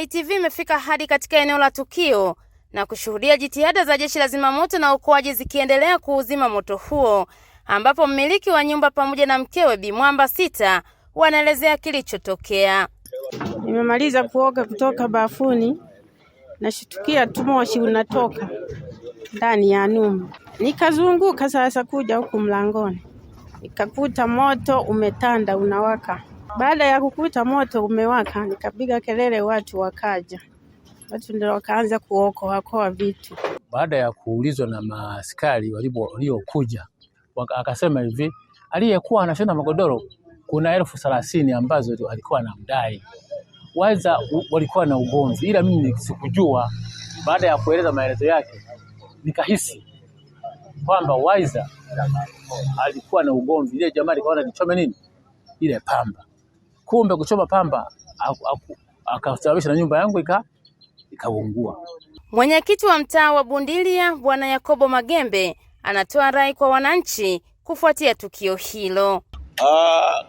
ITV imefika hadi katika eneo la tukio na kushuhudia jitihada za jeshi la zimamoto na uokoaji zikiendelea kuuzima moto huo, ambapo mmiliki wa nyumba pamoja na mkewe Bi Mwamba Sita wanaelezea kilichotokea. Nimemaliza kuoga kutoka bafuni, nashitukia tu moshi unatoka ndani ya nyumba, nikazunguka sasa kuja huku mlangoni, nikakuta moto umetanda unawaka baada ya kukuta moto umewaka, nikapiga kelele, watu wakaja, watu ndio wakaanza kuokoakoa vitu. Baada ya kuulizwa na maaskari waliokuja, akasema hivi, aliyekuwa anashona magodoro kuna elfu thelathini ambazo alikuwa na mdai waza, walikuwa na ugomvi, ila mimi sikujua. Baada ya kueleza maelezo yake, nikahisi kwamba waiza alikuwa na ugomvi, ile jamaa alikuwa anachoma nini ile pamba kumbe kuchoma pamba akasababisha na nyumba yangu ikaungua. Mwenyekiti wa mtaa wa Bundilia Bwana Yakobo Magembe anatoa rai kwa wananchi kufuatia tukio hilo. Uh,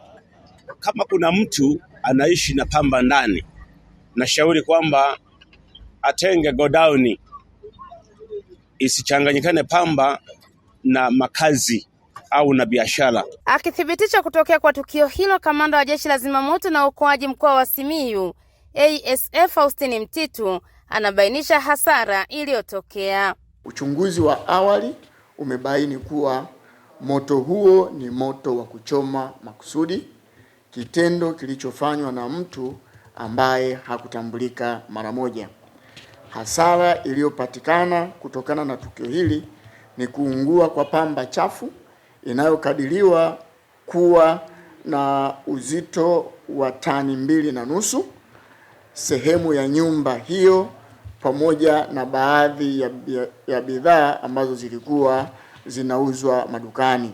kama kuna mtu anaishi na pamba ndani, nashauri kwamba atenge godauni, isichanganyikane pamba na makazi au na biashara. Akithibitisha kutokea kwa tukio hilo, kamanda wa jeshi la zimamoto na uokoaji mkoa wa Simiyu ASF Faustini Mtitu anabainisha hasara iliyotokea. Uchunguzi wa awali umebaini kuwa moto huo ni moto wa kuchoma makusudi, kitendo kilichofanywa na mtu ambaye hakutambulika mara moja. Hasara iliyopatikana kutokana na tukio hili ni kuungua kwa pamba chafu inayokadiriwa kuwa na uzito wa tani mbili na nusu. Sehemu ya nyumba hiyo pamoja na baadhi ya bidhaa ambazo zilikuwa zinauzwa madukani.